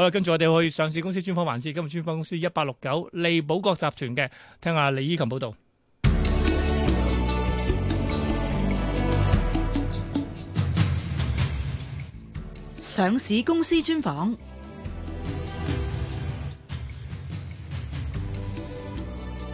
好啦，跟住我哋去上市公司專訪環節。今日專訪公司一八六九利寶閣集團嘅，聽下李依琴報道。上市公司專訪。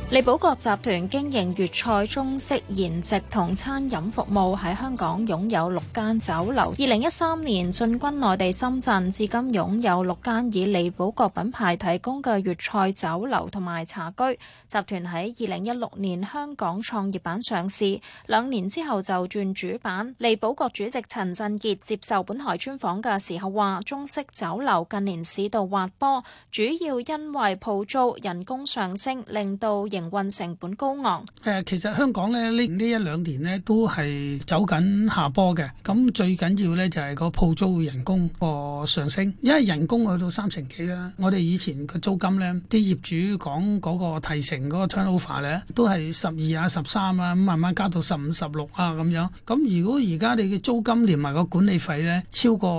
利寶閣集團經營粵菜、中式筵席同餐飲服務，喺香港擁有六間酒樓。二零一三年進軍內地深圳，至今擁有六間以利寶閣品牌提供嘅粵菜酒樓同埋茶居。集團喺二零一六年香港創業板上市，兩年之後就轉主板。利寶閣主席陳振傑接受本台專訪嘅時候話：中式酒樓近年市道滑坡，主要因為鋪租、人工上升，令到。營運成本高昂。誒，其實香港咧呢呢一兩年咧都係走緊下坡嘅。咁最緊要咧就係個鋪租、人工個上升，因為人工去到三成幾啦。我哋以前嘅租金咧，啲業主講嗰個提成嗰個 turnover 咧，都係十二啊、十三啊，咁慢慢加到十五、十六啊咁樣。咁如果而家你嘅租金連埋個管理費咧，超過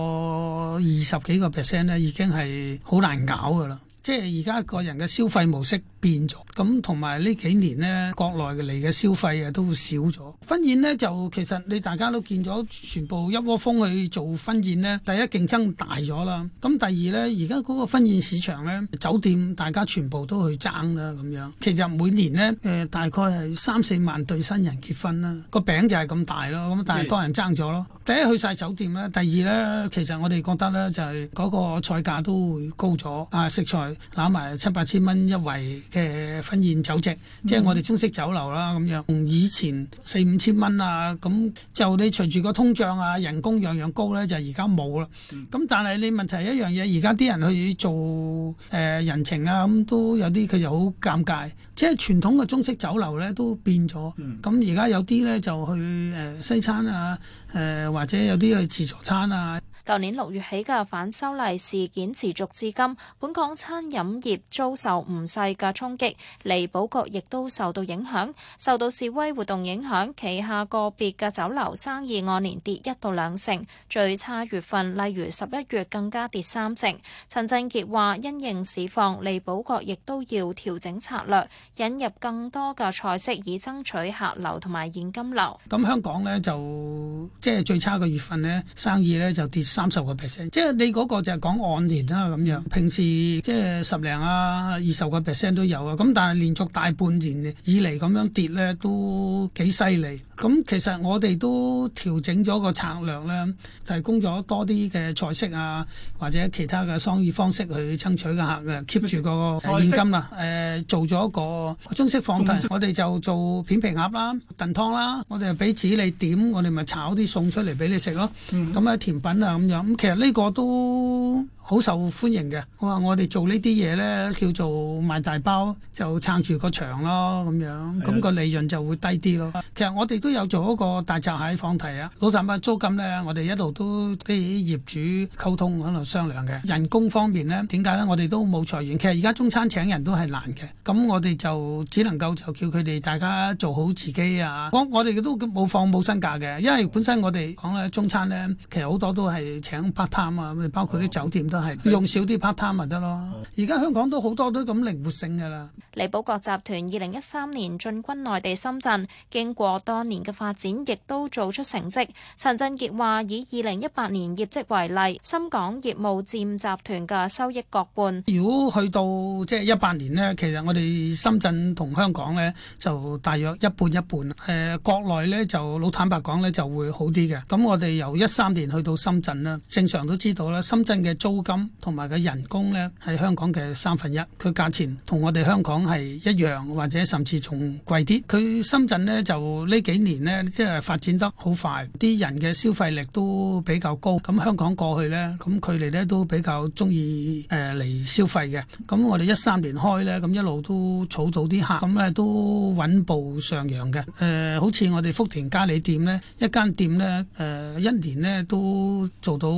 二十幾個 percent 咧，已經係好難搞噶啦。即係而家個人嘅消費模式。咗，咁同埋呢幾年國內嚟嘅消費啊都少咗。婚宴呢，就其實你大家都見咗，全部一窩蜂去做婚宴呢，第一競爭大咗啦，咁第二呢，而家嗰個婚宴市場呢，酒店大家全部都去爭啦咁樣。其實每年呢，呃、大概係三四萬對新人結婚啦，個餅就係咁大咯，咁但係多人爭咗咯。嗯、第一去晒酒店啦，第二呢，其實我哋覺得呢，就係嗰個菜價都會高咗啊，食材攬埋七八千蚊一圍。誒婚宴酒席，即係我哋中式酒樓啦，咁、嗯、樣從以前四五千蚊啊，咁就你隨住個通脹啊，人工樣樣高呢，就而家冇啦。咁、嗯、但係你問題係一樣嘢，而家啲人去做誒、呃、人情啊，咁都有啲佢就好尷尬，即係傳統嘅中式酒樓呢，都變咗。咁而家有啲呢，就去誒、呃、西餐啊，誒、呃、或者有啲去自助餐啊。舊年六月起嘅反修例事件持續至今，本港餐飲業遭受唔細嘅衝擊，利寶閣亦都受到影響。受到示威活動影響，旗下個別嘅酒樓生意按年跌一到兩成，最差月份例如十一月更加跌三成。陳振傑話：因應市況，利寶閣亦都要調整策略，引入更多嘅菜式以爭取客流同埋現金流。咁香港呢，就即係最差嘅月份呢，生意呢就跌。三十個 percent，即係你嗰個就係講按年啦咁樣，平時即係十零啊、二十個 percent 都有啊。咁但係連續大半年以嚟咁樣跌咧，都幾犀利。咁其實我哋都調整咗個策略咧，就係供咗多啲嘅菜式啊，或者其他嘅商業方式去爭取嘅客嘅 keep 住個現金啊，誒式、呃，做咗個中式放題，式我哋就做片皮鴨啦、燉湯啦，我哋俾紙你點，我哋咪炒啲餸出嚟俾你食咯。咁啊、嗯，甜品啊咁其實呢個都，好受歡迎嘅，我話我哋做呢啲嘢呢，叫做賣大包就撐住個場咯，咁樣咁個利潤就會低啲咯。的其實我哋都有做嗰個大閘蟹放題啊，老實話，租金呢，我哋一路都同啲業主溝通喺度商量嘅。人工方面呢，點解呢？我哋都冇裁員，其實而家中餐請人都係難嘅，咁我哋就只能夠就叫佢哋大家做好自己啊。我我哋都冇放冇薪假嘅，因為本身我哋講咧中餐呢，其實好多都係請 part time 啊，包括啲酒店都。用少啲 part-time 咪得咯，而家香港都好多都咁靈活性噶啦。利寶閣集團二零一三年進軍內地深圳，經過多年嘅發展，亦都做出成績。陳振傑話，以二零一八年業績為例，深港業務佔集團嘅收益各半。如果去到即係一八年咧，其實我哋深圳同香港咧，就大約一半一半。誒、呃、國內咧，就老坦白講咧，就會好啲嘅。咁我哋由一三年去到深圳啦，正常都知道啦，深圳嘅租。金同埋佢人工咧，喺香港嘅三分一。佢價錢同我哋香港係一樣，或者甚至仲貴啲。佢深圳咧就呢幾年咧，即係發展得好快，啲人嘅消費力都比較高。咁香港過去咧，咁佢哋咧都比較中意誒嚟消費嘅。咁我哋一三年開咧，咁一路都儲到啲客，咁咧都穩步上揚嘅。誒，好似我哋福田嘉里店咧，一間店咧誒，一年咧都做到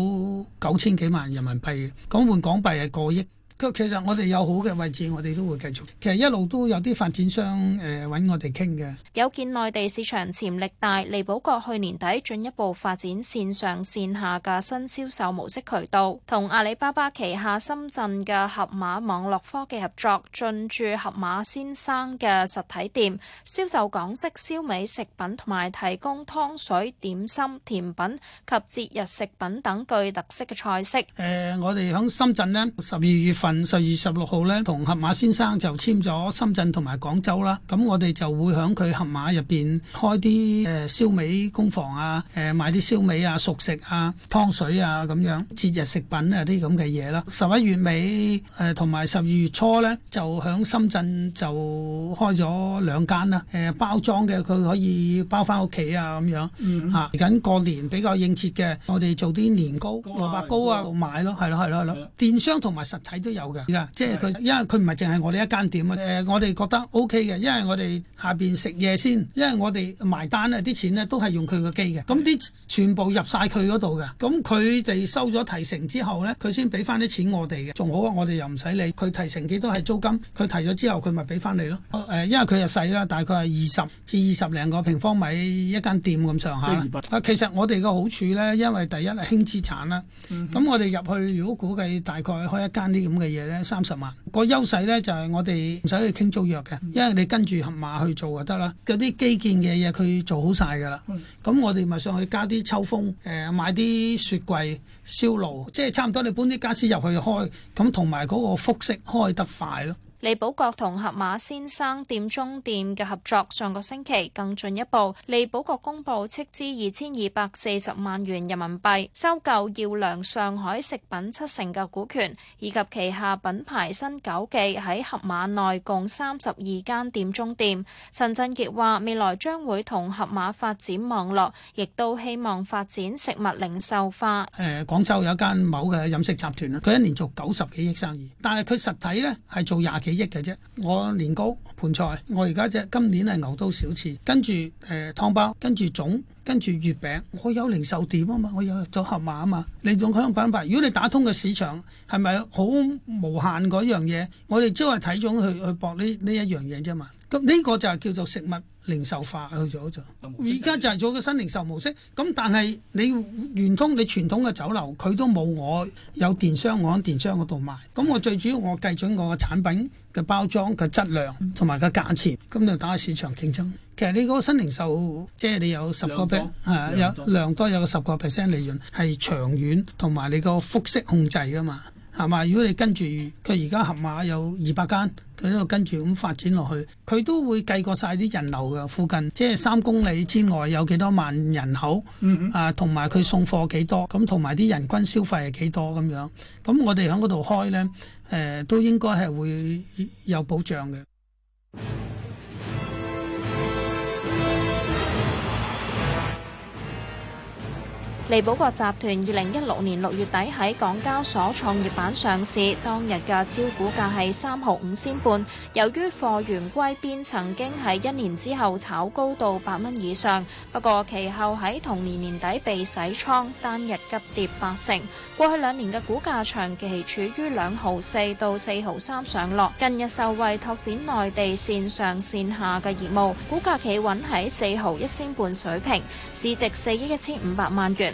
九千幾萬人民幣。講換港幣係過億。其實我哋有好嘅位置，我哋都會繼續。其實一路都有啲發展商誒揾，呃、我哋傾嘅。有見內地市場潛力大，利寶閣去年底進一步發展線上線下嘅新銷售模式渠道，同阿里巴巴旗下深圳嘅盒馬網絡科技合作，進駐盒馬先生嘅實體店，銷售港式燒味食品同埋提供湯水、點心、甜品及節日食品等具特色嘅菜式。誒、呃，我哋響深圳咧，十二月份。十月十六號咧，同盒馬先生就簽咗深圳同埋廣州啦。咁我哋就會喺佢盒馬入邊開啲誒燒味工房啊，誒賣啲燒味啊、熟食啊、湯水啊咁樣節日食品啊啲咁嘅嘢啦。十一月尾誒同埋十二月初咧，就喺深圳就開咗兩間啦。誒包裝嘅佢可以包翻屋企啊咁樣嚇。嚟緊過年比較應節嘅，我哋做啲年糕、蘿蔔糕啊，賣咯，係咯，係咯，係咯。電商同埋實體都有。有嘅，是即係佢，是的因為佢唔係淨係我哋一間店啊。誒、呃，我哋覺得 O K 嘅，因為我哋下邊食嘢先，因為我哋埋單呢，啲錢呢都係用佢個機嘅，咁啲全部入晒佢嗰度嘅。咁佢哋收咗提成之後呢，佢先俾翻啲錢我哋嘅，仲好啊！我哋又唔使理，佢提成幾多係租金，佢提咗之後佢咪俾翻你咯。誒、呃，因為佢又細啦，大概係二十至二十零個平方米一間店咁上下。即啊的，其實我哋嘅好處呢，因為第一係輕資產啦。咁、嗯、哼我哋入去，如果估計大概開一間啲咁嘅。嘢咧，三十萬，嗰個優勢咧就係、是，我哋唔使去傾租約嘅，因為你跟住盒馬去做就得啦。有啲基建嘅嘢佢做好晒噶啦，咁我哋咪上去加啲抽風，誒買啲雪櫃、燒爐，即、就、係、是，差唔多你搬啲家私入去開，咁同埋嗰個複式開得快咯。利寶閣同盒馬先生店中店嘅合作上個星期更進一步，利寶閣公布斥資二千二百四十萬元人民幣收購耀良上海食品七成嘅股權，以及旗下品牌新九記喺盒馬內共三十二間店中店。陳振傑話：未來將會同盒馬發展網絡，亦都希望發展食物零售化。誒，廣州有一間某嘅飲食集團啦，佢一年做九十幾億生意，但係佢實體呢係做廿幾。幾億嘅啫，我年糕盆菜，我而家即今年係牛刀小試，跟住誒湯包，跟住粽，跟住月餅，我有零售點啊嘛，我有咗盒馬啊嘛，你仲香品牌？如果你打通嘅市場，係咪好無限嗰樣嘢？我哋即係睇種去去搏呢呢一樣嘢啫嘛，咁呢個就係叫做食物，零售化去咗就，而家就係做個新零售模式。咁但係你圓通，你傳統嘅酒樓佢都冇，我有電商，我喺電商嗰度賣。咁我最主要我計準我嘅產品嘅包裝嘅質量同埋個價錢，咁就打市場競爭。其實你嗰個新零售，即係你有十個 percent，多有量多有個十個 percent 利潤，係長遠同埋你個複式控制㗎嘛。係嘛？如果你跟住佢而家盒馬有二百間，佢呢度跟住咁發展落去，佢都會計過晒啲人流嘅附近，即係三公里之外有幾多萬人口，啊，同埋佢送貨幾多，咁同埋啲人均消費係幾多咁樣，咁我哋喺嗰度開呢，呃，都應該係會有保障嘅。利寶閣集團二零一六年六月底喺港交所創業板上市，當日嘅招股價係三毫五仙半。由於貨源歸邊，曾經喺一年之後炒高到八蚊以上，不過其後喺同年年底被洗倉，單日急跌八成。過去兩年嘅股價長期處於兩毫四到四毫三上落。近日受惠拓展內地線上線下嘅業務，股價企穩喺四毫一仙半水平，市值四億一千五百萬元。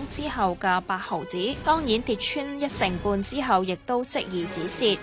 之後嘅八毫子，當然跌穿一成半之後，亦都適宜止蝕。